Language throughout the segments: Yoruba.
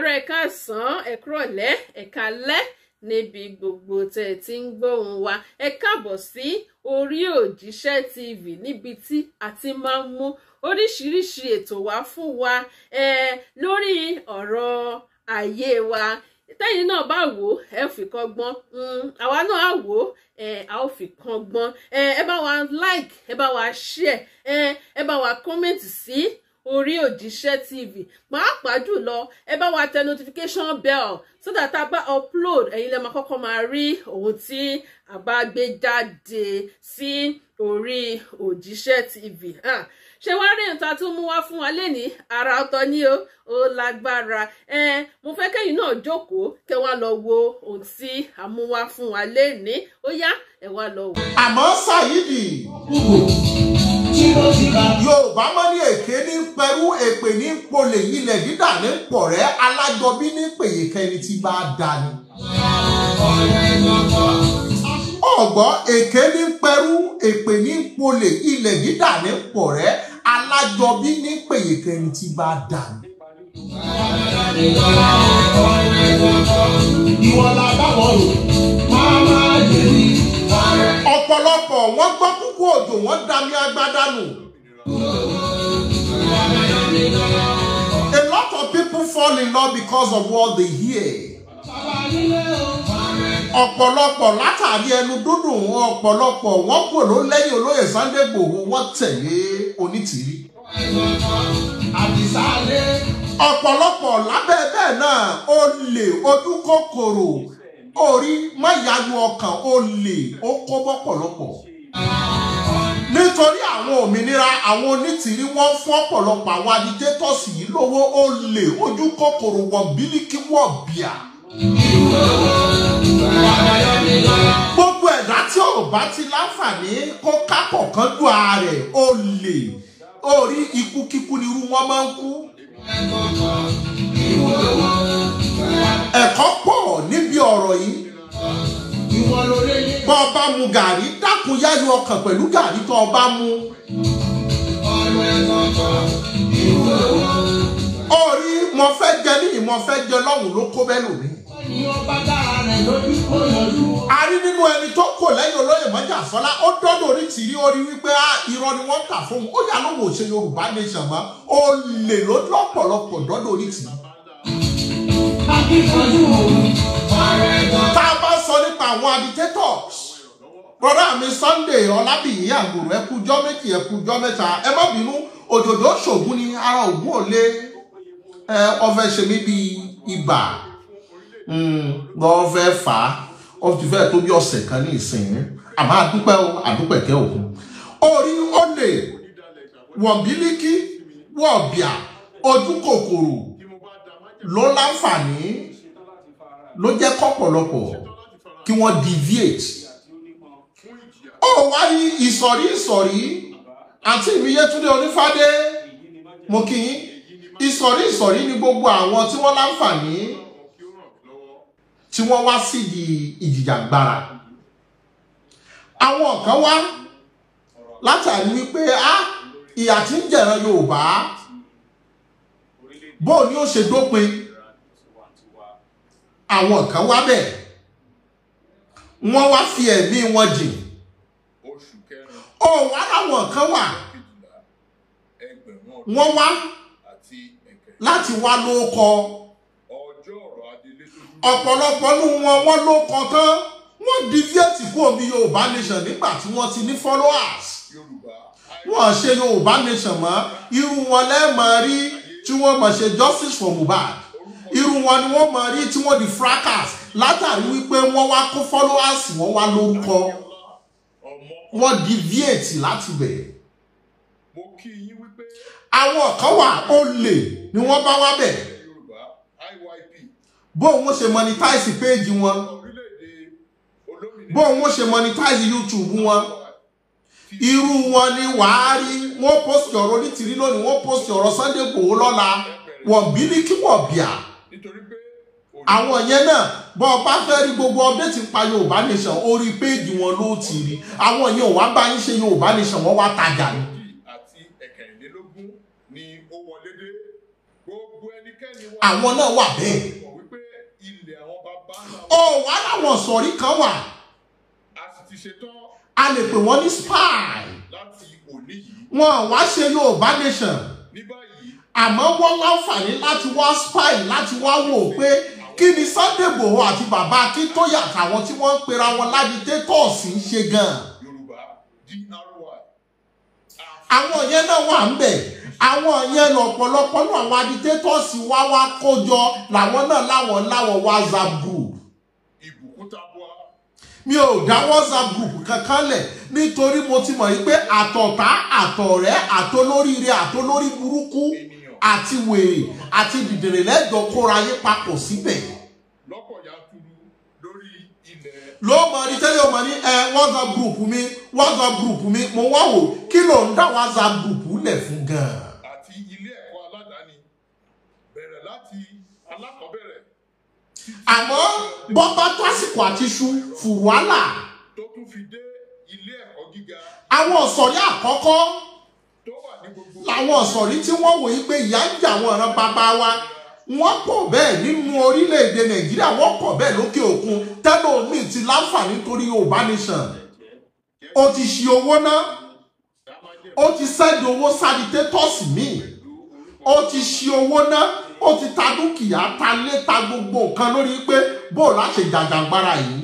káàárọ̀ ẹ káàsán ẹ kúrọ̀lẹ́ ẹ kálẹ́ níbi gbogbo tẹ́ ẹ ti ń gbóhùn wa ẹ káàbọ̀ sí orí òjíṣẹ́ tv níbi tí a ti máa ń mú oríṣiríṣi ètò wá fún wa ẹ lórí ọ̀rọ̀ ayé wa tẹ́yìn náà bá wò ẹ ò fi kan gbọ́n hmm, àwa náà á wò ẹ a ò fi kan ẹ bá wa like ẹ bá wa share ẹ bá wa comment sí. Si orí òjíṣẹ́ tv pàápàá jùlọ ẹ bá wa tẹ notification bell so that a bá upload ẹ̀yin lẹ́ẹ̀ máa kọ́kọ́ máa rí ohun tí a bá gbé jáde sí orí òjíṣẹ́ tv ṣé wá rí nǹkan tó mú wá fún wa lẹ́ni ara ọ̀tọ̀ ni o ó lágbára ẹ mo fẹ́ kẹ́yìn náà jókòó kẹ́ wá lọ wo ohun tí a mú wá fún wa lẹ́ni ó yá ẹ wá lọ wò. àmọ́ Saheed yorùbá mọ́ ní èké ní pẹ̀rú èpè ní polè ilẹ̀ dídà ní pọ̀rẹ́ alájọbí ní pèyèkẹ́ ẹni tí bá dá ni. ọ̀gbọ́ èké ní pẹ̀rú èpè ní polè ilẹ̀ dídà ní pọ̀rẹ́ alájọbí ní pèyèkẹ́ ẹni tí bá dá ni. ìwọ̀n làbáwọ̀ rò máa máa yẹ ní ọ̀pọ̀lọpọ̀ wọ́n gbọ́ kúkú òjò wọ́n dami agbada nù. A lot of people fall in love because of what they hear. ọ̀pọ̀lọpọ̀ látàrí ẹnu dúdùn wọn ọ̀pọ̀lọpọ̀ wọ́n kò ló lẹ́yìn olóyè Sunday Igboho wọ́n tẹ̀lé onítìrí. ọ̀pọ̀lọpọ̀ lábẹ́ bẹ́ẹ̀ náà olè ojú kòkòrò orí má yálu ọkàn ó lè ó kó bọ́pọ̀lọpọ̀ nítorí àwọn òmìnira àwọn onítìrí wọ́n fún ọ̀pọ̀lọpọ̀ àwọn agitators yìí lówó ó lè ojú kòkòrò wọ bílíkì wọ bíà. gbogbo ẹ̀dá tí ò bá ti láǹfààní kó kápọ̀ kan dùn ààrẹ ó lè orí ikú kíkú ni irú wọn máa ń kú. ẹ̀kọ́ pọ̀ nínú níbi ọ̀rọ̀ yìí. bọ́ ọ bá mu gàrí dákun yáyọ ọkàn pẹ̀lú gàrí tó ọ bá mu. orí mo fẹ́ jẹ níyì mo fẹ́ jẹ lọ́hùn ló kó bẹ́ẹ̀ lómi. a rí nínú ẹni tó kò lẹ́yìn olóyè mọ́jà sọ́lá ó dọ́dọ̀ orí tìrí orí wípé ah, irọ́ ni wọ́n kà fún un ó yà lóhùn òṣè yorùbá nation mọ́ ó lè lójú ọ̀pọ̀lọpọ̀ dọ́dọ̀ orí tìrí. akíkanjú tá a bá sọ nípa àwọn agitators brọ́dá mi Sunday Ọlábìyí Àgùrù ẹkùjọ́ méjì ẹkùjọ́ mẹ́ta ẹ má bínú òjòjò ṣògùn ni ara ògùn ò lé ọfẹ́ ṣe mí bí ibà lọ́fẹ́ hmm, fà á ó ti fẹ́ tó bí ọ̀sẹ̀ kan ní ìsìn àmọ́ àdúpẹ́ o àdúpẹ̀kẹ́ òkun orí ó lè wọ̀nbílíkì wọ̀bìà ojú kòkòrò ló láǹfààní ló jẹ́ kọ́pọ̀lọpọ̀ kí wọ́n deviate ó wá ní ìsọ̀rí ìsọ̀rí àti Ìyètúndé Onífádé mo kì í ìsọ̀rí ìsọ̀rí ni gbogbo àwọn tí wọ́n láǹfààní tí wọ́n wá sí di ìjìjàgbara àwọn kan wá látàrí wípé a ìyà tí ń jẹ̀ràn Yorùbá bóò ni ó ṣe dópin àwọn kan wá bẹ̀ wọ́n wá fi ẹ̀mí wọn jìn ó wá láwọn kan wà wọ́n wá láti wá lóókọ ọ̀pọ̀lọpọ̀ nínú wọn wọ́n lóókọ tán wọ́n deviate kú omi Yorùbá nation nígbà tí wọ́n ti ní followers wọ́n ṣe Yorùbá nation mọ́ irú wọn lẹ́ẹ̀mọ́ rí tí wọ́n mọ̀ ṣe justice for Mohbad wọn ni wọ́n máa rí tí wọ́n di fracas látàrí wípé wọ́n wá kó followers wọ́n wá lórúkọ wọ́n deviate láti bẹ̀. àwọn kan wà olè ni wọ́n bá wá bẹ̀. bóun wọ́n ṣe monetize page wọn bóun wọ́n ṣe monetize YouTube wọn irú wọn ni wàá rí wọ́n post ọ̀rọ̀ onítìrí lónìí wọ́n post ọ̀rọ̀ Sunday Igboho lọ́la wọ̀nbí ní kí wọ̀n bíà nítorí pé àwọn yẹn náà bọ́ ọ bá fẹ́ rí gbogbo update ń pa yorùbá nation orí péèjì wọn ló ti rí àwọn yẹn ò wá bá ń ṣe yorùbá nation wọn wá tajà ni. àwọn náà wà bẹ́ẹ̀ ọ wà láwọn sọ̀rí kan wà a lè pè wọ́n ní spy wọn wá ṣe yorùbá nation àmọ́ wọ́n láǹfààní láti wá spy láti wá wò pé kí ni Sunday Igboho àti bàbá Akíntóyè àtàwọn tí wọ́n ń pera wọn agitators ń ṣe gan-an àwọn yẹn náà wà ń bẹ̀ àwọn yẹn lọ̀pọ̀lọpọ̀ náà àwọn agitators wá wá kójọ làwọn náà láwọn láwọn WhatsApp group mi ò dá WhatsApp group kankan lẹ̀ nítorí mo ti mọ̀ yí pé àtọ̀tá àtọ̀rẹ́ àtolóríire àtolórí àti wèrè àti dìdèrè lẹ́jọ́ kóra yé papọ̀ síbẹ̀. lọ́pọ̀ yanturu lórí ilẹ̀. ló mọ ní tẹ́lẹ̀ ọmọ ní ẹ WhatsApp group mi WhatsApp group mi mo wá wò kí ló ń dá WhatsApp group lẹ̀ fún gan àti ilé ẹ̀kọ́ aládàáni bẹ̀rẹ̀ láti alákọ̀ọ́bẹ̀rẹ̀. àmọ́ bọ́pá tásìkò àti ṣu fùwálà. tó tún fi dé ilé ẹ̀kọ́ gíga. àwọn ọ̀sọ̀rí àkọ́kọ́ làwọn ọ̀sọ̀rí tí wọ́n wòye pé ìyá ń jà àwọn ọ̀ràn bàbá wa wọ́n pọ̀ bẹ́ẹ̀ nínú orílẹ̀-èdè nàìjíríà wọ́n pọ̀ bẹ́ẹ̀ lókè òkun tẹ́lómi ti láǹfààní torí yorùbá nation ó ti ṣe owó náà ó ti sẹ́ni owó sanitators míì ó ti ṣe owó náà ó ti ta dúkìá ta lé ta gbogbo nǹkan lórí pé bóò láṣẹ jàjàgbara yìí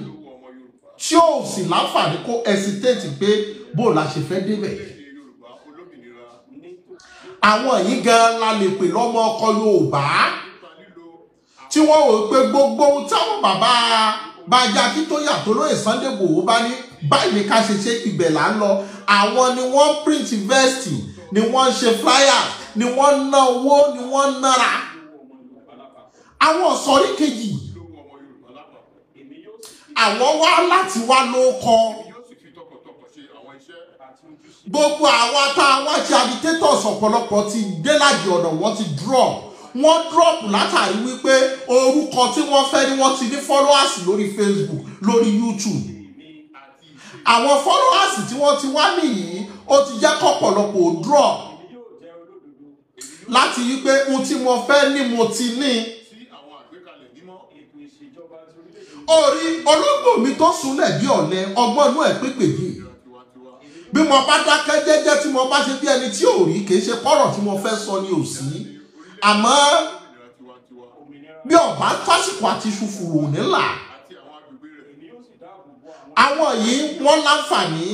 tí ó sì láǹfààní kó hesitate pé bóò láṣẹ fẹ́ débẹ̀ yìí àwọn yìí gan la lè pè lọ́mọ ọkọ Yorùbá tí wọ́n ò pé gbogbo ohun táwọn bàbá bàjá kí tó yàtọ̀ lóye Sunday Igboho bá ní báyìí ká ṣe ṣe ibẹ̀ là ń lọ àwọn ni wọ́n print vest ni wọ́n ṣe flyer ni wọ́n ná owó ni wọ́n nára àwọn ọ̀sọ́rí kejì àwọn wá láti wá ló kọ́ gbogbo àwa tá a wá ṣe agitators ọ̀pọ̀lọpọ̀ ti gbélájì ọ̀nà wọ́n ti drop wọ́n drop látàrí wípé orúkọ tí wọ́n fẹ́ ni wọ́n ti ní followers lórí Facebook lórí YouTube àwọn followers tí wọ́n ti wá nìyí ó ti jẹ́ kọ̀pọ̀lọpọ̀ drop láti wípé ohun tí mo fẹ́ ni mo ti ní orí ológbò mi tó súnlẹ̀ bí ọ̀lẹ ọgbọ́n inú ẹ̀ pépè yìí bí mo bá dákẹ́ jẹ́jẹ́ tí mo bá ṣe bí ẹni tí ò rí kì í ṣe kọ́rọ̀ tí mo fẹ́ sọ ni ò sí àmọ́ bí ọba tásìkò àti ṣùfùrù ò nílà àwọn yìí wọ́n láǹfààní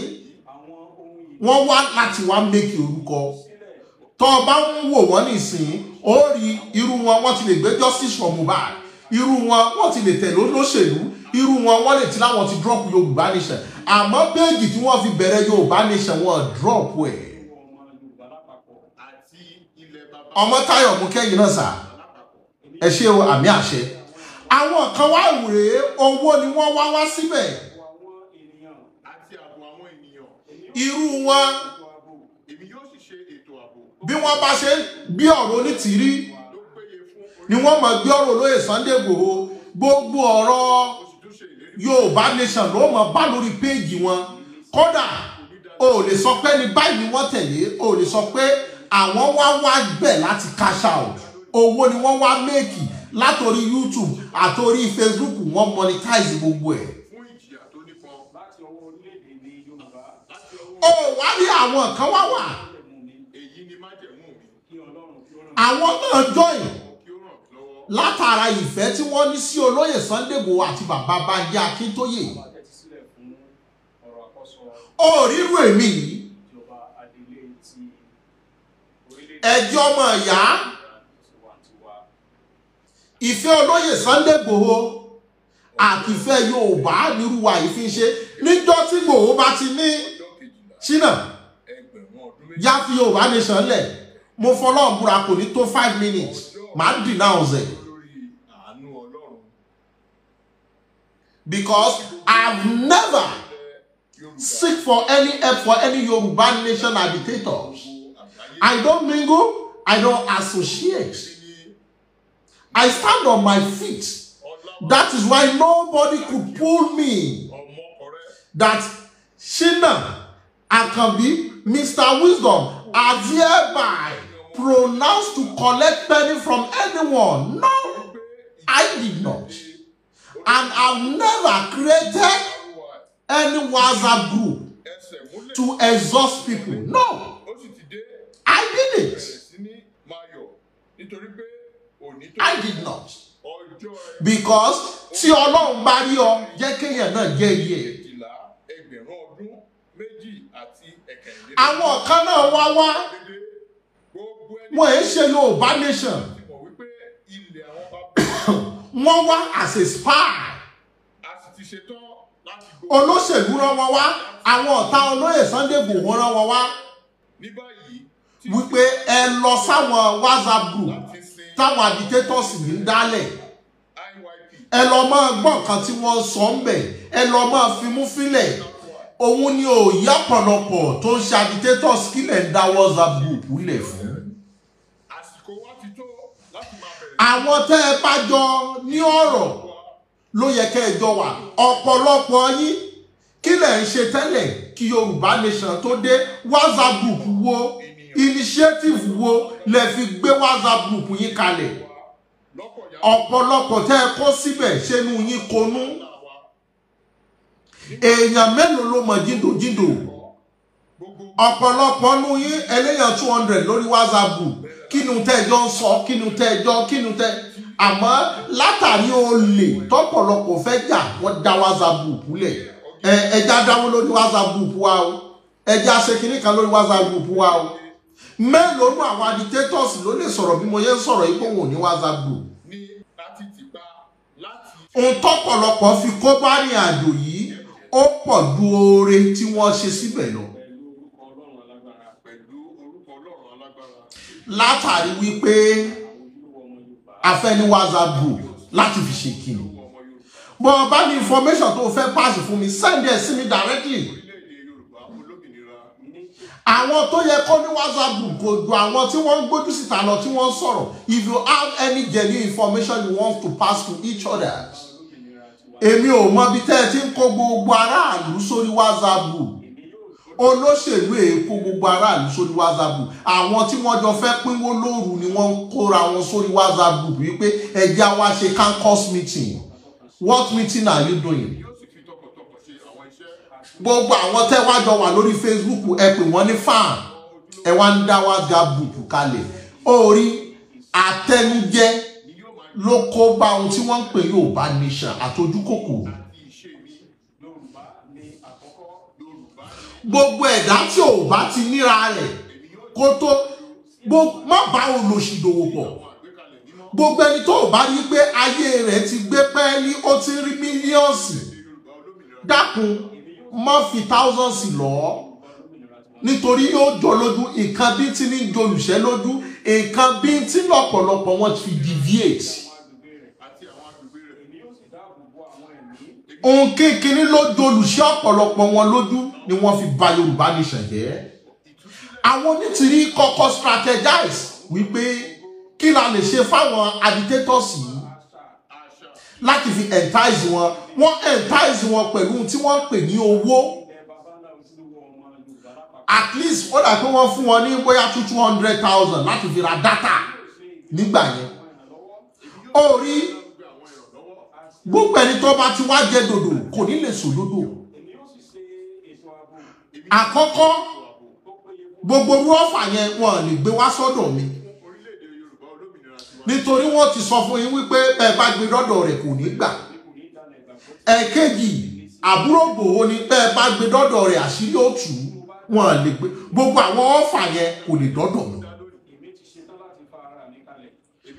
wọ́n wá láti wá mékì orúkọ tó o bá ń wò wọ́n nìsín ó rí irú wọn wọ́n ti lè gbé justice for Mohbad irú wọn wọ́n ti lè tẹ̀lé olóṣèlú irú wọn wọ́n lè ti láwọn ti drop Yorùbá nation àmọ́ péjì tí wọ́n fi bẹ̀rẹ̀ yorùbá nation wọn drop ẹ̀ ọmọ táyọ̀ mú kẹ́yìn náà sà ẹ ṣe àmì àṣẹ àwọn kan wá rèé owó ni wọ́n wá wá síbẹ̀ irú wọn bí wọ́n bá ṣe gbé ọ̀rọ̀ onítìrí ni wọ́n mọ̀ gbé ọ̀rọ̀ olóyè Sunday Igboho gbogbo ọ̀rọ̀ yorùbá nation ló mọ bá lórí péèjì wọn kódà o lè sọ pé ní báyìí ni wọ́n tẹ̀lé o lè sọ pé àwọn wá wá gbẹ̀ láti cash out owó ni wọ́n wá méèkì látòrí youtube àtòrí facebook wọ́n monetize gbogbo ẹ̀. o wá rí àwọn kan wá wà àwọn náà join látara ìfẹ́ tí wọ́n ní sí olóyè Sunday Igboho àti bàbá Banji Akíntóyè òrírù èmi yìí ẹjọ́ ọmọ ìyá ìfẹ́ olóyè Sunday Igboho àti ìfẹ́ Yorùbá nírúwà yìí fi ń ṣe níjọ́ tí Igboho bá ti ní ṣínà yá fi Yorùbá nation lẹ̀ mo fọlọ́ọ̀bùra kò ní tó five minutes màá dì náà ọ̀sẹ̀. because I've never seek for any help for any Yoruba nation habitators. I don't mingle, I don't associate. I stand on my feet. That is why nobody could pull me. That Shina Akanbi, Mr. Wisdom, are hereby pronounced to collect money from anyone. No, I did not. And I've never created any WhatsApp group to exhaust people. No. I didn't. I did not. Because tí Ọlọ́run bá rí ọ, jẹ́ kéèyàn náà jẹ́ iye. Àwọn kan náà wá wá. Wọ́n ẹ̀ ṣe Yorùbá nation wọ́n wá as a spy. a sì ti ṣetán láti gbó. olóṣèlú rán wọn wá àwọn ọ̀tá olóyè sunday gbòho rán wọn wá. ní báyìí. wípé ẹ lọ sáwọn whatsapp group táwọn agitators ní ń dálẹ̀ ẹ lọ máa gbọ́ nǹkan tí wọ́n sọ ń bẹ̀ ẹ lọ máa fimú fílẹ̀ òun ni òòyà ọ̀pọ̀lọpọ̀ tó ń ṣe agitators kílẹ̀ ń dá whatsapp group lẹ̀ fún. àwọn tẹ́ ẹ bá jọ ní ọ̀rọ̀ ló yẹ kẹ́ ẹ jọ wà ọ̀pọ̀lọpọ̀ yín kí lẹ̀ ń ṣe tẹ́lẹ̀ kí Yorùbá nation tó dé WhatsApp group wo initiative wo lẹ fi gbé WhatsApp group yín kalẹ̀ ọ̀pọ̀lọpọ̀ tẹ́ ẹ kó síbẹ̀ ṣẹ́nu yín konú èèyàn mélòó ló mọ̀ jíndòjíndò ọ̀pọ̀lọpọ̀ nu yín ẹlẹ́yàn two hundred lórí WhatsApp group kínú tẹ́jọ́ ń sọ kínú tẹ́jọ́ kínú tẹ́ àmọ́ látàrí olè tọ́pọ̀lọpọ̀ fẹ́ jà wọ́n dá whatsapp lẹ̀ ẹja dáwó lórí whatsapp wa o ẹja ṣe kinní kan lórí whatsapp wa o mélòó nù àwọn agitators ló lè sọ̀rọ̀ bí mo yẹ ń sọ̀rọ̀ yìí kó wọn ò ní whatsapp ohun tọ́pọ̀lọpọ̀ fi kó bá ní àjò yìí ó pọ̀ ju oore tí wọ́n ṣe síbẹ̀ lọ. látàrí wípé afẹ́ni wazabù láti fi ṣe kiri bọ́ ọ bá ní information tó fẹ́ pass fún mi send ẹ̀ sí mi directly àwọn tó yẹ kọ́ ní wazabù kò ju àwọn tí wọ́n ń gbójú síta lọ tí wọ́n ń sọ̀rọ̀ if you have any genuine information you want to pass to each other èmi ò mọ ibi tẹ́ ẹ ti ń kó gbogbo aráàlú sórí wazabù olóṣèlú èkó gbogbo aráàlú sórí whatsapp àwọn tí wọ́n jọ fẹ́ pínwó lóru ni wọ́n kóra wọn sórí whatsapp wípé ẹjẹ wa ṣe campus meeting what meeting are you doing gbogbo àwọn tẹ́wájọ wà lórí facebook ẹ pè wọ́n ní fan ẹ wá ń dá whatsapp group kalẹ̀ orí àtẹnujẹ ló kó bá ohun tí wọ́n ń pè Yorùbá nation àtojúkòkòrò gbogbo ẹ̀dá tí ò bá ti níra rẹ̀ kó tó má bá olòṣì dòwò pọ̀ gbogbo ẹni tó bá rí pé ayé rẹ̀ ti gbé pẹ́ẹ́lí ó ti rí mílíọ̀nsì dákun má fi táùsànsì lọ́ọ́ nítorí yóò jọ lójú nǹkan bí tí ní jolùṣẹ́ lójú nǹkan bí tí lọ́pọ̀lọpọ̀ wọn ti deviate. òun kékeré ló jolùṣẹ́ ọ̀pọ̀lọpọ̀ wọn lójú ni wọ́n fi ba yorùbá nation jẹ́ àwọn onítìrí kọ́kọ́ strategize wípé kí la lè ṣe fáwọn agitators yìí láti fi entice wọn wọ́n entice wọn pẹ̀lú tí wọ́n ń pè ní owó at least ó dà pé wọ́n fún wọn ní bóyá two two hundred thousand láti fi ra data nígbà yẹn ó rí gbogbo ẹni tó bá ti wá jẹ dòdò kò ní lè sòdodo àkọ́kọ́ gbogbo orú ọ̀fà yẹn wọn lè gbé wá sọ́dọ̀ mi nítorí wọ́n ti sọ fún yín wípé ẹ bá gbé dọ́dọ̀ rẹ̀ kò ní gbà ẹ̀kejì àbúrò gbòho ni pé ẹ bá gbé dọ́dọ̀ rẹ̀ àṣírí òtù wọn lè gbé gbogbo àwọn ọ̀fà yẹn kò lè dọ́dọ̀ mi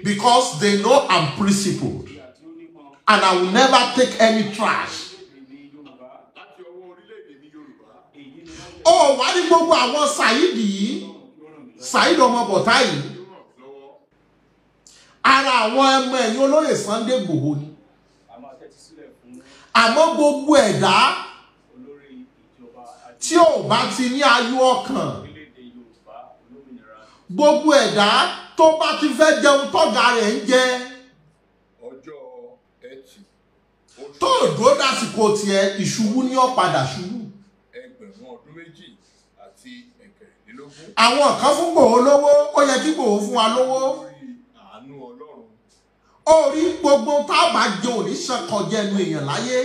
because they know I'm principled and I will never take any trash ó wà ní gbogbo àwọn ṣàyídì yìí ṣàyídì ọmọ bọ̀tá yìí ara àwọn ẹmọ ẹ̀yìn olóyè Sunday Igboho ni àmọ́ gbogbo ẹ̀dá tí ò bá ti ní ayọ̀ ọkàn gbogbo ẹ̀dá tó bá ti fẹ́ jẹun tọ́gà rẹ̀ ń jẹ tó dúró dásìkò tiẹ̀ ìṣubú ní ọ̀padà ṣubú méjì àti ẹ̀kẹrìnlélógún. àwọn kan fún gbòó lówó ó yẹ kí gbòó fún wa lówó. àánú ọlọ́run. orí gbogbo tá a bá jẹ òní sàn kọjá ẹnu èèyàn láyé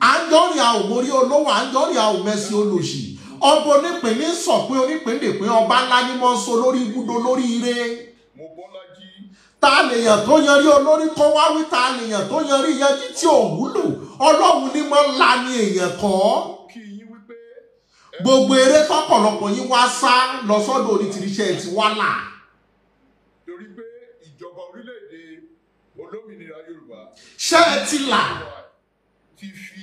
à ń dọ́rin àwọn òmórí olówó à ń dọ́rin àwọn mẹ́sì olòṣì ọba onípínlẹ̀ sọ pé onípínlẹ̀ pé ọba ńlá ni mo ń so lórí ibùdó lórí ire. mo bọ́lá jí. ta lèèyàn tó yanrí olórí kọ́ wá wí ta lèèyàn tó yanrí yanjú tí ò wúlò ọlọ́run ni mo ń la ni èèyàn kọ́ gbogbo eré tọ̀pọ̀lọpọ̀ yín wá sá lọ sọ́dọ̀ onítìríṣẹ ti wá là. torí pé ìjọba orílẹ̀-èdè olómìnira yorùbá. ṣé ẹ ti là. ti fi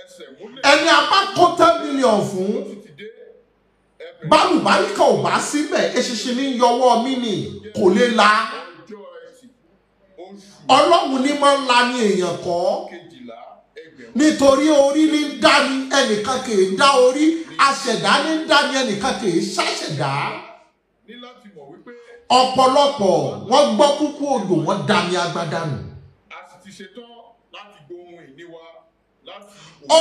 ẹsẹ̀ múlẹ̀. ẹni apá kó ten million fún. bálùbárí kan ò bá síbẹ̀ eṣinṣin ní yọwọ́ mi ni kò lè la. ọlọ́run ní máa ń la ní èèyàn kọ́ nítorí orí ní ń dá ni ẹnìkan kì í dá orí aṣẹ̀dá ní ń dá ni ẹnìkan kì í ṣàṣẹ̀dá. ọ̀pọ̀lọpọ̀ wọ́n gbọ́ kúkú odò wọ́n dá ní agbádá nù. a sì ti ṣetán láti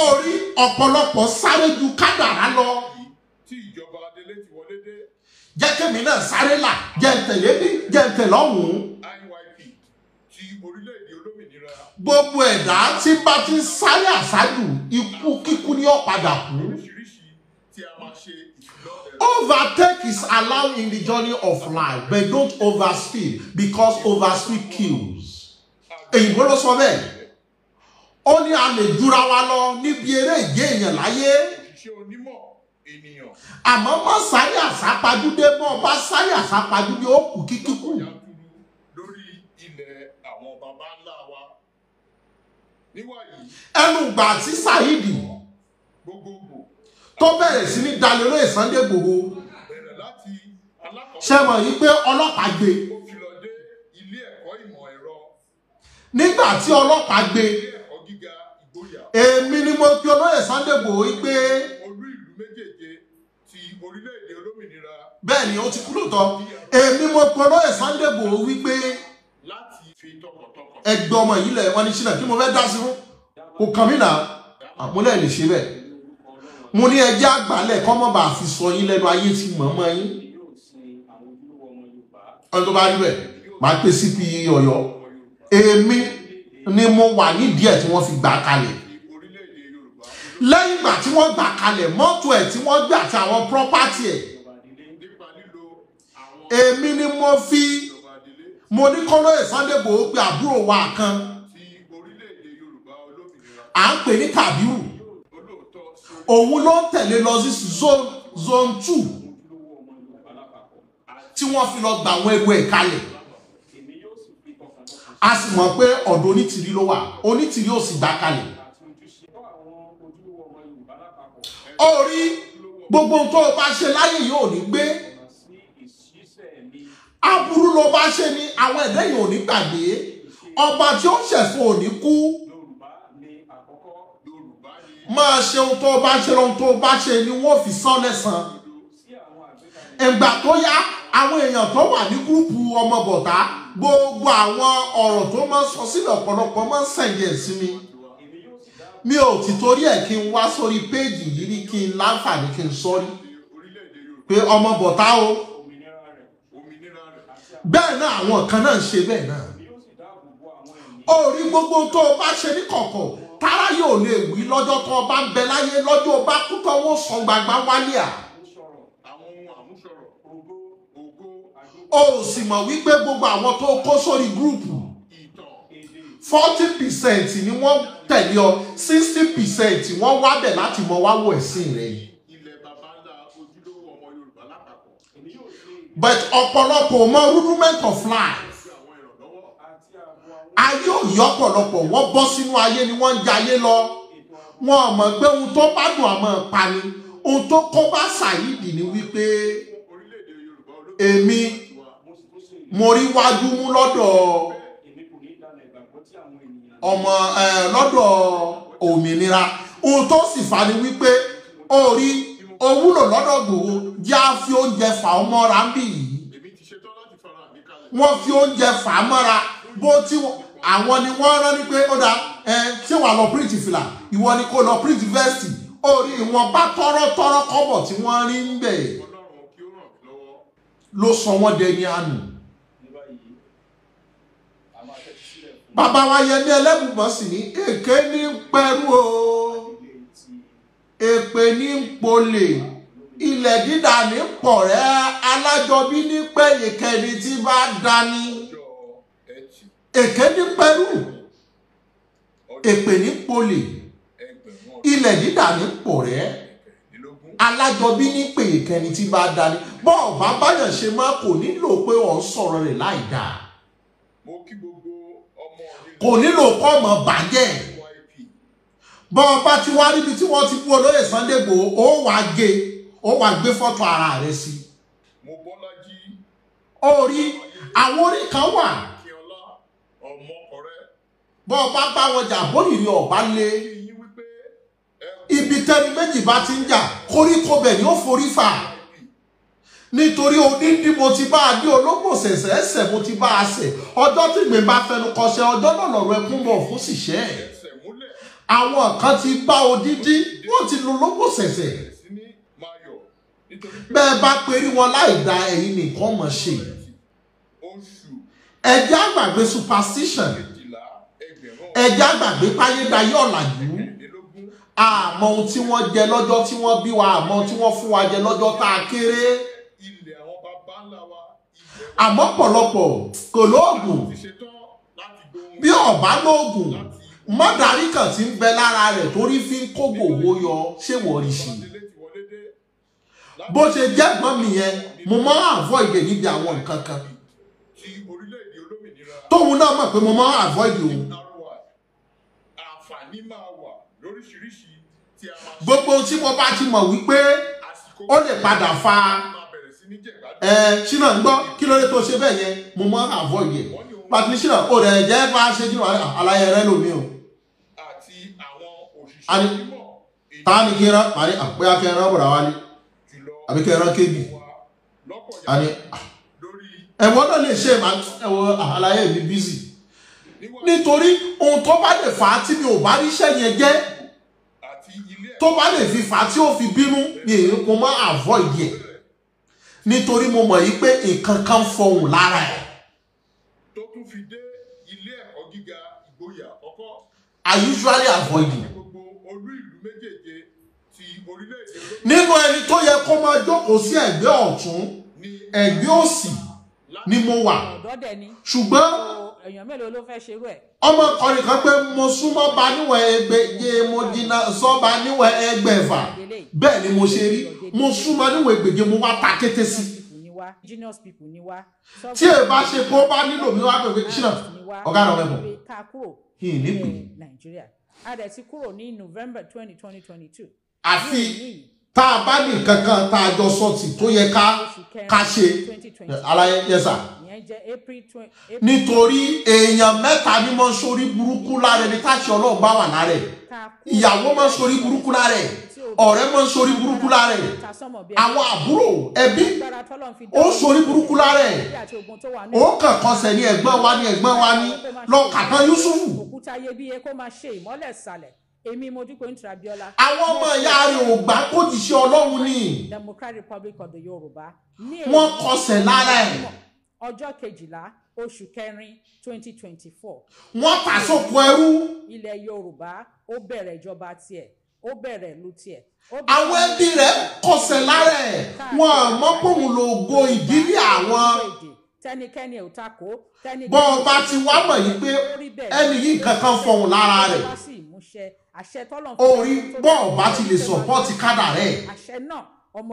orí ọ̀pọ̀lọpọ̀ sáré ju kádàrá lọ. tí ìjọba adélé náà sáré là jẹ́ ń tẹ̀lé bí jẹ́ ń tẹ̀lé ọ̀hún gbogbo ẹ̀dá tí bá ti ń sáré àsádù ikú kíkú ni ó kú. Overtake is allowed in the journey of life but don't overspeed because overspeed kills. Èyìnbó ló sọ bẹ́ẹ̀. Ó ní a lè dúra wa lọ níbi eré ìje èèyàn láyé. Àmọ́ má sáré àsápajúdé mọ́ bá sáré àsápajúdé ó kù kíkíkù ẹnu gbà tí Saheed tó bẹ̀rẹ̀ sí ní dalérè Sunday Igboho ṣe mọ̀ yí pé ọlọ́pàá gbé nígbà tí ọlọ́pàá gbé èmi ni mo fi olóyè Sunday Igboho yí pé bẹ́ẹ̀ ni ó ti kú lóòótọ́ èmi mo fi olóyè Sunday Igboho wí ẹgbẹ́ ọmọ yìí lẹ̀ wọ́n ní ṣínà kí mo fẹ́ dá sí fún kò kàn mí nà àmúlẹ̀ lè ṣe bẹ́ẹ̀ mo ní ẹjẹ́ àgbàlẹ̀ kọ́ mọ́ bá fi sọ yín lẹ́nu ayé ti mọ̀ mọ́ yín ọ̀n tó bá rí bẹ́ẹ̀ máa pè sí pi ọ̀yọ́ èmi ni mo wà nídìí ẹ̀ tí wọ́n fi gbà kalẹ̀ lẹ́yìn ìgbà tí wọ́n gbà kalẹ̀ mọ́tò ẹ̀ tí wọ́n gbà àti àwọn property ẹ̀ èmi ni mo fi mo ní kọ́lọ́ Sunday Igboho pé àbúrò wa kan à ń pè ní Kàbírù òun ló ń tẹ̀lé lọ sí zone two tí wọ́n fi lọ gbà àwọn ewu ẹ̀ kalẹ̀ a sì mọ̀ pé ọ̀dọ̀ onítìrí ló wà onítìrí ò sì gbà kalẹ̀ ó rí gbogbo ohun tó o bá ṣe láyé yóò ní gbé aburú ló bá ṣe ni àwọn ẹ̀dá èèyàn ò ní gbàgbé ọba tí ó ń ṣẹ̀sùn ò ní kú máa ṣe ohun tó bá ṣe ohun tó bá ṣe ni wọ́n fi san lẹ́san ìgbà tó yá àwọn èèyàn tó wà ní gúrúùpù ọmọ bọ̀tá gbogbo àwọn ọ̀rọ̀ tó máa ń sọ sílẹ̀ ọ̀pọ̀lọpọ̀ máa ń sẹ̀yẹ̀ sí mi mi ò ti torí ẹ̀ kí n wá sórí péèjì yìí ní kí n láǹfààní kí n sọ́rí pé ọmọ bọ̀tá o bẹ́ẹ̀ náà àwọn kan náà ń ṣe bẹ́ẹ̀ náà orí gbogbo tó o bá ṣe ní kọ̀kọ̀ tára yóò lè wí lọ́jọ́ tó o bá ń bẹ láyé lọ́jọ́ o bá kú tọ́wọ́ sọ gbagba wálé à. o sì mọ̀ wípé gbogbo àwọn tó kó sórí gúrùpù forty percent ni wọ́n tẹ̀lé ọ sixty percent wọ́n wá bẹ̀ láti mọ wá wò ẹ̀sìn rẹ̀ yìí. but ọ̀pọ̀lọpọ̀ mọ rudiment of life ayé òyìn ọ̀pọ̀lọpọ̀ wọ́n bọ́ sínú ayé ni wọ́n ń jẹ ayé lọ wọn ò pé ohun tó bá dùn àmọ́ pani ohun tó kó bá ṣàyídì ni wípé èmi mo rí wájú mú lọ́dọ̀ ọmọ lọ́dọ̀ òmìnira ohun tó sì fà ni wípé ó rí ó wúlò lọ́dọ̀ Ìgbòho jẹ́ á fi oúnjẹ fà ọ́ mọ́ra ń bì yìí wọ́n fi oúnjẹ fà á mọ́ra bó tí àwọn ni wọ́n rán ní pé ó dá ẹ ṣé wàá lọ print fìlà ìwọ ni kò lọ print vest orí wọn bá tọ́rọ́tọ́rọ́ kọ́bọ̀ tí wọ́n rí ń bẹ̀ ló sọ wọ́n dẹni àánú. bàbá wa yẹ ní ẹlẹ́bùbọ̀n sì ní èké ní pẹ́rú o èpè ní ń polè ilẹ̀ dídà ní pọ̀rẹ́ alájọbí ní pé ìkẹni tí bá dání èké ní pẹ́rù èpè ní polè ilẹ̀ dídà ní pọ̀rẹ́ alájọbí ní pé ìkẹni tí bá dání bọ́ọ̀ bá báyọ̀ ṣe máa kò nílò pé ọ̀ ń sọ̀rọ̀ rẹ̀ láì dáa kò nílò kọ́ ọmọ bàjẹ́ bọ́ ọba ti wá níbi tí wọ́n ti kú olóyè Sunday Igboho ó wà gé ó wà gbé fọ́tò ara rẹ̀ sí i. mo bọ́lá jí. orí àwọn orí kan wà. kí ọlá ọmọ ọ̀rẹ́. bọ́ ọba bá wọn jà bóyìí ọba lé ibi tẹ́ni méjì bá ti ń jà koríko bẹ̀ ni ó forí fà nítorí onídìí mo ti bá a dé ológbò ṣẹ̀ṣẹ̀ ẹ̀ṣẹ̀ mo ti bá a ṣẹ̀ ọjọ́ tí mi bá fẹnu kọsẹ̀ ọjọ́ náà lọ̀rọ̀ ẹkún bọ̀ fún ṣìṣẹ́ ẹ̀ àwọn kan ti bá odidi wọ́n ti lo lóko ṣẹ̀ṣẹ̀ bẹ́ẹ̀ bá perí wọn láì da ẹ̀yin nìkan mọ̀ ṣe ẹ̀jẹ̀ àgbàgbé superstition ẹ̀jẹ̀ àgbàgbé páyédáyé ọ̀làjú àmọ́ ohun tí wọ́n jẹ lọ́jọ́ tí wọ́n bí wa àmọ́ ohun tí wọ́n fún wa jẹ lọ́jọ́ tá a kéré àmọ́ pọ̀lọpọ̀ kò lóògùn bí ọ̀bá lóògùn mọ́dàrí kan ti ń bẹ lára rẹ̀ torí fi ń kó gbòòwò yọ ṣé wọ́n rí sí i bó ṣe jẹ́ gbọ́n mi yẹn mo máa avoid e níbi àwọn nǹkan kan tóun náà mọ̀ pé mo máa avoid e òun gbogbo tí mo bá ti mọ̀ wípé ó lè padà fa ẹ ṣínà ń gbọ́ kí ló dé tó ṣe bẹ́ẹ̀ yẹn mo máa avoid yẹn e. pàtìlíṣínà ó rẹ̀ jẹ́ bá ṣe jìnnà àlàyé rẹ lómi o ani tani yẹra mari àpẹ akẹrẹ ọbọdà wa ni àbí kẹrẹ kébi ani ah, ẹwọ náà lè ṣe ẹwọ àlàyé ah, mi bísí nítorí ohun tó bá lè fà á tí mi ò bá ríṣẹ́ yẹn jẹ́ tó bá lè fi fà á tí ó fi bínú ni èyí kò má avoid yẹ nítorí mo mọ̀ yí pé nǹkan kan fọhùn lára ẹ̀. I usually avoid it nínú ẹni tó yẹ kó máa jókòó sí ẹ̀gbẹ́ ọ̀tún ẹ̀gbẹ́ òsì ni mo wà ṣùgbọ́n ọmọ ọkùnrin kan pé mo súnmọ́ bá níwọ̀n yé mo jìnnà sọ́ba níwọ̀n ẹgbẹ̀fà bẹ́ẹ̀ ni mo ṣe rí mo súnmọ́ níwọ̀n ẹgbẹ̀je mo wá ta kété sí wa genius people ni wa. tí ẹ bá ṣe kó bá nílò mi wá pẹ̀lú ṣínà ọ̀gá rẹ̀ mẹ́bọ̀ yìí nípìn. a dẹ̀ ti kúrò ní November twenty twenty twenty two àfi tá a bá ní nǹkan tá a jọ sọ tì tó yẹ ká ká ṣe aláyẹ yẹsà nítorí èèyàn mẹ́ta ni mo ń sórí burúkú lára ẹni táṣì ọlọ́run bá wà lára ẹ̀ ìyàwó mo ń sórí burúkú lára ẹ̀ ọ̀rẹ́ mọ́ sórí burúkú lára ẹ̀ àwọn àbúrò ẹbí ó sórí burúkú lára ẹ̀ ó kàn kọsẹ̀ ní ẹ̀gbọ́n wa ní ẹ̀gbọ́n wa ní lọ́kàtàn Yusufu. òkúta iyebíye kó máa ṣe ìmọ́lẹ̀ sàlẹ̀ èmi Modupe Ntrabiola. àwọn ọmọ ìyá rẹ̀ ò gbà kó ọlọ́run ni. Democratic Republic of the Yorùbá. wọ́n kọsẹ̀ lára ẹ̀. ọjọ́ kejìlá oṣù kẹrin twenty twenty four. wọ́n pàṣọkọ ẹrú. ilẹ̀ Yorùbá ó bẹ̀rẹ̀ ìjọba tiẹ̀ ó bẹ̀rẹ̀ ìlú tiẹ̀. àwọn ẹbí rẹ̀ kọsẹ̀ lára ẹ̀ wọ́n àmọ́ pòun lògo ìbílẹ̀ àwọn tẹnikẹ́ni ò takò. bọ́ọ̀ bá ti wá mọ̀ yìí pé ẹni yìí kankan fọhùn lára rẹ̀ àṣẹ tọ́lọ̀ fún orí bọ́ ọ̀bá ti lè sọ̀pọ́ọ̀tì kádàrá ẹ̀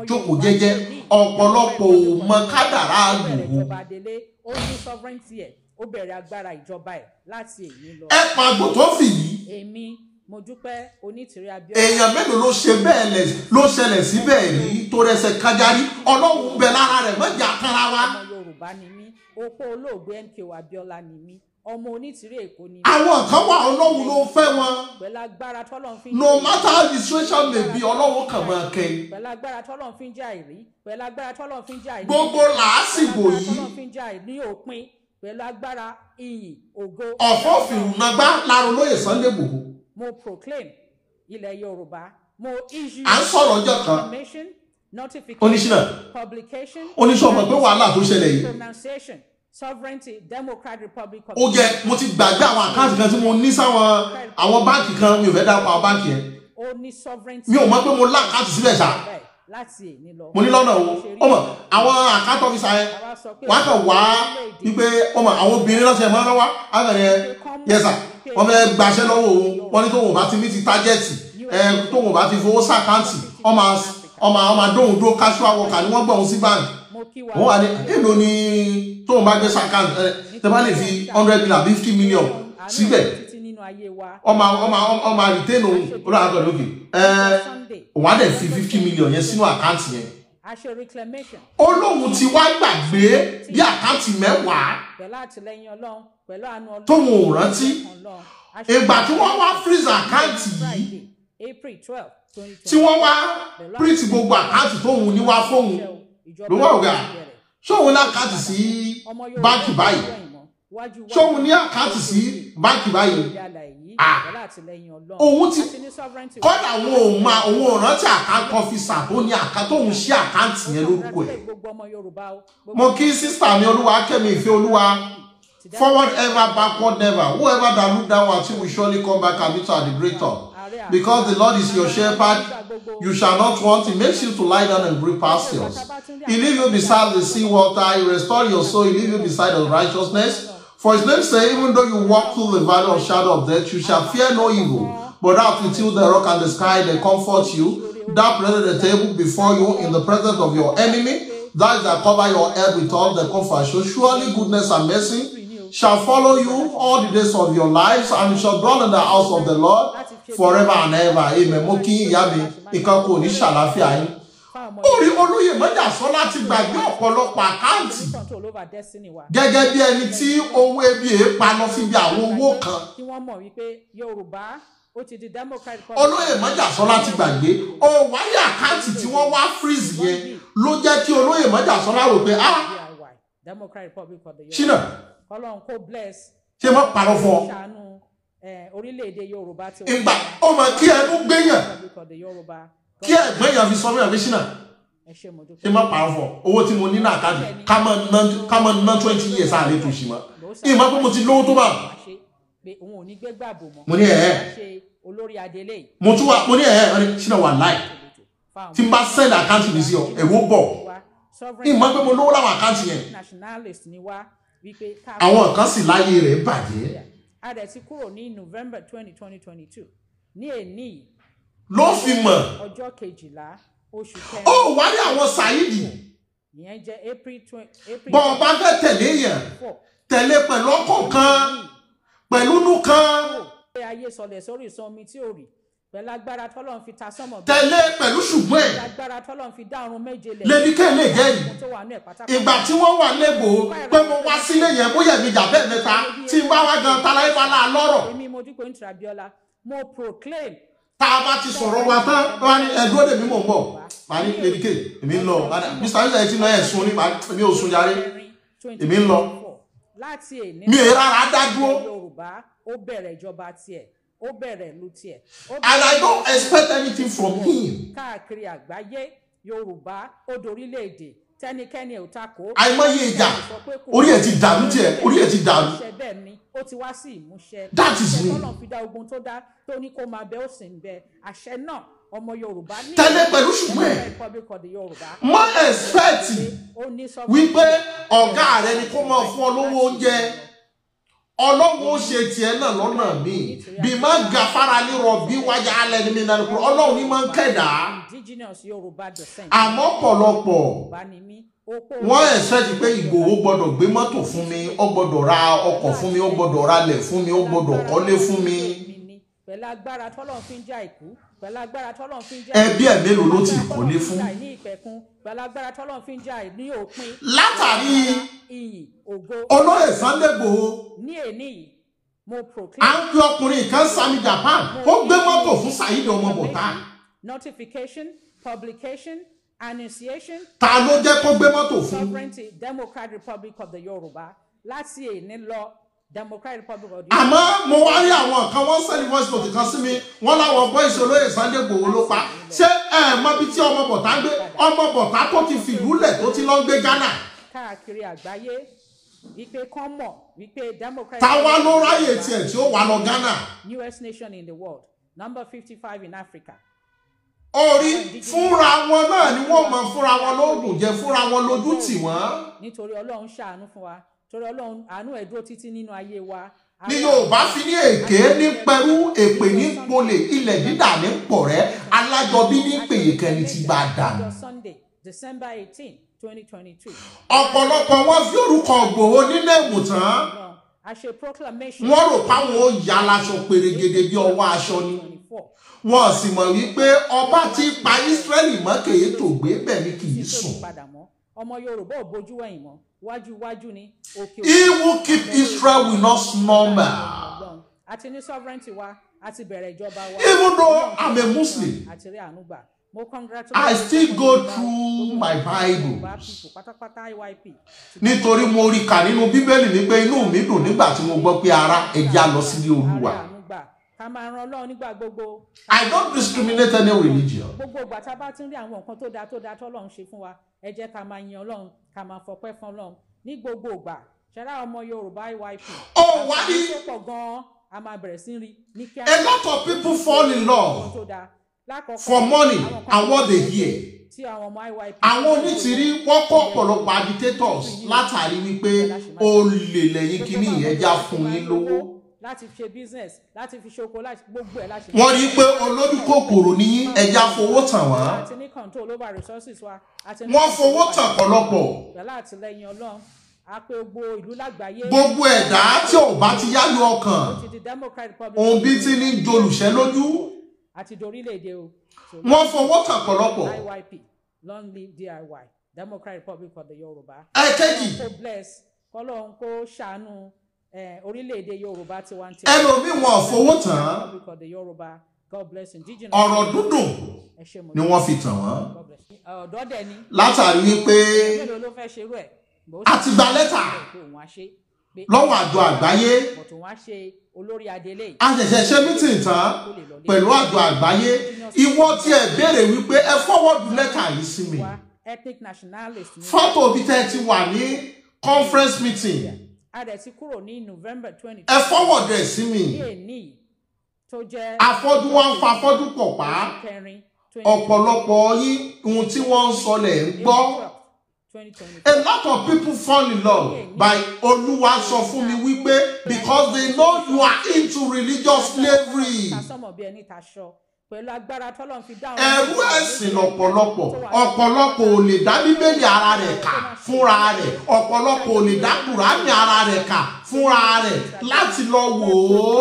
jókòó jẹ́jẹ́ ọ̀pọ̀lọpọ̀ ò mọ kádàrá àlùkò. ó ní sovereignty ẹ̀ ó bẹ̀rẹ̀ agbára ìjọba ẹ̀ láti èyí lọ. ẹ pa àgbò tó fì yìí. èmi mo dúpẹ́ onítìrí abíọ́dún. èèyàn mélòó ló ṣe bẹ́ẹ̀ lẹ̀ ló ṣẹlẹ̀ sí bẹ́ẹ̀ ní torẹsẹ̀ kájárí ọlọ́run bẹ lára rẹ̀ mọ́jà kanra wa. ọmọ yorùbá ni mí opó olóògbé MKO Abíọ́lá ni mí ọmọ onítìrí èkó ni. àwọn kan wà ọlọ́run ló fẹ́ wọn. pẹ̀lú agbára tọ́lọ́run fi ń jẹ́ no matter how the situation may be ọlọ́run kàn máa kẹ́. pẹ̀lú agbára tọ́lọ́run fi ń jẹ́ àìrí pẹ̀lú agbára tọ́lọ́run fi ń jẹ́ àìrí. gbogbo làásìgbò yìí. pẹ̀lú agbára tọ́lọ́run fi ń jẹ́ àìrí òpin pẹ̀lú agbára iyì ògo. ọ̀fọ́ fìrùnàgbá láàrú lóye Sunday Igboho. mo proclaim ilẹ̀ Yorùbá mo issue. à notification, publication, pronunciation sovereignty Democratic republic. ó yẹ mo ti gbàgbé àwọn àkáǹtì kan tí mo ní sáwọn àwọn báǹkì kan mi ò fẹ́ dápọ̀ àwọn báǹkì yẹn. ó ní sovereignty. mi ò mọ pé mo láàkáǹtì síbẹ̀ ṣá. mo ní lọ́nà o ọmọ àwọn àkáǹtì ọ́fíìsà yẹn wọ́n á kàn wá wípé ọmọ àwọn obìnrin lọ́sẹ̀ máa ń wá àgbẹ̀rẹ̀ yẹsà wọ́n fẹ́ gbaṣẹ́ lọ́wọ́ òun wọ́n ní tóun bá ti ní ti tájẹ́ẹ̀tì tóun bá ti fowó sàkáǹtì ọmọ ọmọ àdóhùn dó káṣíwá wọkà ni wọ́n gbọ̀ òun sí báǹkì wọ́n wà ní èlò ni tóun bá gbé sàkáǹtì ẹ tẹ bá lè fi hundred million fifty million síbẹ̀ ọmọ ọmọ ọmọ retain òun ọlọ́run àgbà lókè ẹ wọ́n á dẹ̀ fi fifty million yẹn sínú àkáǹtì yẹn olóhùn ti wá gbàgbé bí àkáǹtì mẹ́wàá tóun ò rántí ìgbà tí wọ́n wá freeze àkáǹtì yìí tí wọ́n wá print gbogbo àkáǹtì tóun ní wá fóun ló wà ògà ṣóun ní àkáǹtì sí báńkì báyìí ṣóun ní àkáǹtì sí báńkì báyìí òun ti kọ́dà òun ò ma òun ò rántí àkáǹtì ọ́fíìsà tó ní àkáǹtì òun ṣí àkáǹtì yẹn lórúkọ ẹ̀ mo kí sísà mi olúwa kẹ́mi ìfẹ́ olúwa forward ever backward never whoever that look down at you will surely come back and be to at the great top. Because the Lord is your shepherd, you shall not want. He makes you to lie down and green pastures. He leaves you beside the sea water. He restores your soul. He leaves you beside the righteousness. For his name say, even though you walk through the valley of shadow of death, you shall fear no evil. But out with the rock and the sky, they comfort you. That prepared the table before you in the presence of your enemy. That that cover your head with all the comfort. So surely goodness and mercy shall follow you all the days of your lives, and you shall dwell in the house of the Lord forever and ever. Amen. Mo kí ìyá mi, nǹkan kò ní ṣàlàáfíà yín. Orí olóyè Mọ́jàsọ́lá ti gbàgbé ọ̀pọ̀lọpọ̀ àkáǹtì gẹ́gẹ́ bí ẹni tí owó ebi èépa lọ fi bí àwọn owó kan. Olóyè Mọ́jàsọ́lá ti gbàgbé ọ̀wáyé àkáǹtì tí wọ́n wá freeze yẹn ló jẹ́ kí olóyè Mọ́jàsọ́lá rò pé ah. Democratic Republic of the United States. Ọlọ́run kó bless. ṣé wọ́n parọ́ fún ọ. ṣàánú orílẹ̀-èdè Yorùbá ti wọ́n. ìgbà ó máa kí ẹnu gbẹ̀yàn kí ẹ̀gbọ́n yàn fi sọ mí àbí ṣìnà ṣé wọ́n parọ́ fún owó tí mo ní náà kájú ká máa ná twenty years àlẹ́ tó ṣì mọ́ ìmọ̀ pé mo ti lówó tó bá. mo ní ẹ̀ ẹ́ mo tún wà mo ní ẹ̀ ẹ́ ṣìnà wà láì tí n bá send àkáǹtì mi sí ọ ẹ̀wọ́ bọ̀ ìmọ̀ pé mo lówó láwọn àkáǹtì yẹn àwọn kan sì láyé rẹ̀ bàjẹ́. a dẹ̀ ti kúrò ní november twenty twenty twenty two ní èní. ló fi mọ̀. ọjọ́ kejìlá oṣù kẹrin. ó wá rí àwọn ṣáídì. ìyẹn jẹ́ april twenty. bọ́ ọ bá fẹ́ tẹ̀lé yẹn tẹ̀lé pẹ̀lú ọkọ̀ kan pẹ̀lú nù kan. ó pe ayé sọlẹ̀ sórí ìsanmi tí ò rí pẹ̀lú agbára tọ́lọ́run fi ta sọ́mọ̀. tẹ̀lé pẹ̀lú ṣùgbọ́n ẹ̀. pẹ̀lú agbára tọ́lọ́run fi dá ọ̀run méje lẹ̀. lèmi kẹ́ lè jẹ́ yìí. ìgbà tí wọ́n wà lẹ́gbò pé mo wá sílé yẹn bóyá mi jà bẹ́ẹ̀ mẹ́ta tí n bá wá gan tala ẹ̀ fara lọ́rọ̀. èmi mo dúpẹ́ ní Abiola mo proclaim. tá a bá ti sọ̀rọ̀ wa tán wá ní ẹ̀dúró lèmi mò ń bọ̀ màá ní lèmi kẹ́ èmi lọ Mr. mr ti náà ẹ̀ sun ó bẹ̀rẹ̀ lu tiẹ̀. and i don't expect anything from him. káàkiri àgbáyé yorùbá ó dorílẹ̀-èdè tẹnikẹ́ni ò takò. àìmọye ìjà orí ẹ̀ ti dàrú tiẹ̀ orí ẹ̀ ti dàrú. ó ti wá sí ìmúṣẹ. that is me. ọlọ́run fi dá ogun tó dá tó ní kó máa bẹ ó sì ń bẹ àṣẹ náà ọmọ yorùbá ní tẹlẹ pẹ̀lú ṣùgbọ́n ẹ má expect wípé ọ̀gá rẹ ni kó máa fún ọ lówó oúnjẹ ọlọ́run ó ṣe tiẹ̀ náà lọ́nà mi bí má ga fara lérò bí wájà alẹ́ ní mi náà kúrò ọlọ́run ní máa ń kẹ̀dá àmọ́ pọ̀lọpọ̀ wọ́n expect pé Ìgbòho gbọ́dọ̀ gbé mọ́tò fún mi ó gbọ́dọ̀ ra ọkọ̀ fún mi ó gbọ́dọ̀ ralẹ̀ fún mi ó gbọ́dọ̀ kọ́lé fún mi pẹ̀lú agbára tọ́lọ́run fi ń jà ìkú pẹ̀lú agbára tọ́lọ́run fi ń jà ẹbí ẹ̀ mélòó ló ti kọ́lé fún. ní ìpẹ̀kun pẹ̀lú agbára tọ́lọ́run fi ń jà ní òpin. látàrí olóyè Sunday à ń pe ọkùnrin kan Sami Japan ó gbé mọ́tò fún Saheed ọmọ bọ̀tá. notification publication annunciation. ta ló jẹ́ kó gbé mọ́tò fún. sovereignty democratic republic lọ democratic republic of the. àmọ́ mo wá rí àwọn kan wọ́n sẹ́ni voice note kan sí mi wọ́n láwọn gbọ́ ìṣòro Sunday Igboho ló pa ṣé ẹ mọ ibi tí ọmọ bọ̀tá gbé ọmọ bọ̀tá tó ti fìlú lẹ̀ tó ti lọ gbé Ghana. káàkiri àgbáyé wípé kán mọ̀ wípé democratic. táwa ló ráyè tiẹ̀ tí ó wà lọ Ghana. newest nation in the world number fifty five in Africa orí fúnra wọn náà ni wọn mọ fúnra wọn lóògùn jẹ fúnra wọn lójú tì wọn. nítorí Ọlọ́run ṣàánú fún wa torí ọlọ́run àánú ẹ̀ dúró títí nínú ayé wa. ní yorùbá fi ní èké ní pẹrú èpè ní polè ilẹ̀ dídà ní pọ̀rẹ́ alájọbí ní pèyèkẹ́ ní ti bá a dànù. December eighteen twenty twenty two. ọ̀pọ̀lọpọ̀ wọn fi orúkọ Ìgbòho nílẹ̀ ìwòsàn. wọ́n rò páwọn ó ya aláṣọ pèrègèdè bí ọwọ́ aṣọ ni wọ́n sì mọ̀ wípé ọba ti pa Ísírẹ́lì mọ́ kèé tó gbé bẹ́ẹ̀ ni kì í sùn. ọmọ yorùbá ò bójú wẹ̀yìn mọ́ wájú wájú ni òkè òkè. he who keep Israel will not slumber. àti ní sovereignty wa àti bẹ̀rẹ̀ ìjọba wa. even though i'm a muslim. àti rí àánú gbà. I still go through my Bible. Nítorí mo rí kà nínú Bíbélì mi pé inú mi dùn nígbà tí mo gbọ́ pé ara ẹja lọ sílé Olúwa. I don't discriminate any religion ẹ jẹ́ ká máa yan ọlọ́run ká máa fọpẹ́ fún ọlọ́run ní gbogbo ìgbà ṣẹlá ọmọ yorùbá yp. ó wá ní pọ̀ gan-an a máa bẹ̀rẹ̀ sí rí ní kíá. a lot of people fall in love for money and what they hear. tí àwọn ọmọ yp. àwọn onítìrí wọ́n kọ́ ọ̀pọ̀lọpọ̀ agitators látàrí wípé ó lè lẹ́yìn kíní ìyẹn já fún yín lówó láti ṣe business láti fi ṣoko láti gbogbo ẹ̀ láti. wọ́n rí i pé olórí kòkòrò ní ẹja fowó tàn wá. àti ní control over resources wa. wọ́n fowó tàn pọ̀lọpọ̀. pẹ̀lú àtìlẹyìn ọlọ́run a pé gbogbo ìlú lágbàáyé. gbogbo ẹ̀dá tí ò bá ti yáyọ ọkàn òun bí ti ní dolùṣẹ́ lójú. àti dorílẹ̀-èdè o. wọ́n fowó tàn pọ̀lọpọ̀. DIYP long live DIY Democratic Republic of the Yoruba. ẹ̀kẹ́jì. kọ́lọ́n kó kó ṣàánú Eh, orílẹ̀-èdè yorùbá ti wá ń tẹ̀. ẹlòmíì wọn ò fowó tán ọ̀rọ̀ dúdùn ni wọ́n fi tàn wọ́n eh, látàrí pé a ti gba lẹ́tà lọ́wọ́ àjọ àgbáyé a ṣẹ̀ṣẹ̀ ṣe mítìn tán pẹ̀lú àjọ àgbáyé ìwọ tí ẹ béèrè wípé ẹ fọwọ́dù lẹ́tà yìí sí mi fọ́tò bí tẹ́ ti wà ní conference meeting. Yeah a dẹ̀ ti kúrò ní november twenty. ẹ fọwọ́ dẹ̀ sí mi. ní wa ń fa afọ́jú pọ̀ pa. ọ̀pọ̀lọpọ̀ yín ohun tí wọ́n ń sọ lẹ̀ ń gbọ́. A lot of people fall in love by Olúwa sọ fún mi wípé because they know you are into religious slavery pẹ̀lú agbára tọ́lọ́n fi dá ọ̀rọ̀. ẹrú ẹ̀sìn ọ̀pọ̀lọpọ̀ ọ̀pọ̀lọpọ̀ ò lè dá bíbélì ara rẹ̀ kà fúnra rẹ̀ ọ̀pọ̀lọpọ̀ ò lè dá kùránì ara rẹ̀ kà fúnra rẹ̀ láti lọ wò ó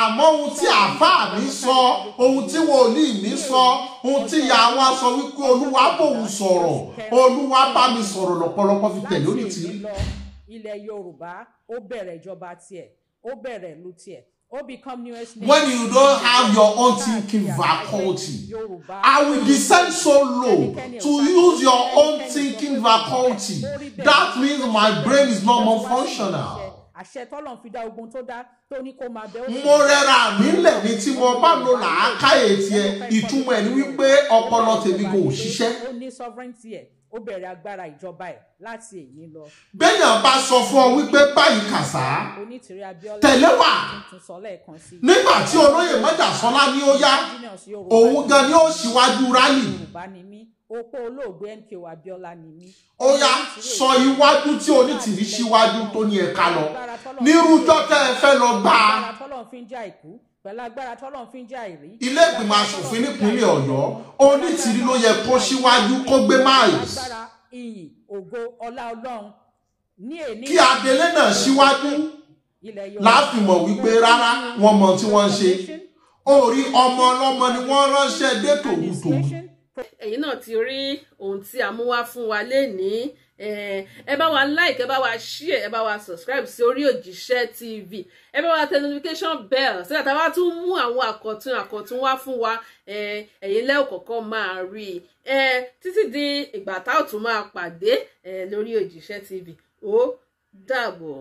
àmọ́ ohun tí àáfàá mi sọ ohun tí wòlíì mi sọ ohun tí ìyá wa sọ wípé olúwa bòun sọ̀rọ̀ olúwa bá mi sọ̀rọ̀ lọ́pọ̀lọpọ̀ fi tẹ̀lé ti when you don't have your own thinking faculty. I will descend so low to use your own thinking faculty. That means my brain is not more functional àṣẹ tọ́lọ̀ fi dá ogun tó dá tó ní kó máa bẹ. mo rẹra mi lẹ̀ ní tí mo bá lo làákàyè tiẹ̀ ìtumọ̀ ẹ̀ wípé ọpọlọ tèmi kò ṣiṣẹ́. ó ní sovereignty ẹ̀ ó bẹ̀rẹ̀ agbára ìjọba ẹ̀ láti èyí lọ. bẹ́ẹ̀yàn bá sọ fún ọ wípé báyìí kàṣá tẹ̀lé wà nígbà tí olóyè mẹ́jà sọlá ní ó yá òun gan ni ó ṣíwájú rálì opó olóògbé MKO Abiola ni mí. ó yá sọ iwájú tí onítìrí síwájú tó ní ẹ̀ka lọ nírújọ́ tẹ́ ẹ fẹ́ lọ gbà á. pẹ̀lú agbára tọ́lọ́ fi ń já ìrí. ilé ìgbìmọ̀ asòfin nípínlẹ̀ ọ̀yọ́ onítìrí ló yẹ kó síwájú kó gbé miles. kí adelé náà síwájú láfìmọ̀ wípé rárá wọ́n mọ tí wọ́n ń ṣe orí ọmọ ọlọ́mọ ni wọ́n ránṣẹ́ dé tòun tòun ẹ̀yin náà ti rí ohun tí a mú wá fún wa lénìí ẹ bá wa like ẹ bá wa share ẹ bá wa subscribe sí orí òjíṣẹ́ tv ẹ bá wa tẹ notification bell sí àtàwọn á tún mú àwọn àkọ̀tun àkọ̀tun wá fún wa ẹ̀yin lẹ́ọ̀kọ̀ọ̀kan máa rí i títí di ìgbà tá ò tún máa pàdé lórí òjíṣẹ́ tv ó dàbọ̀.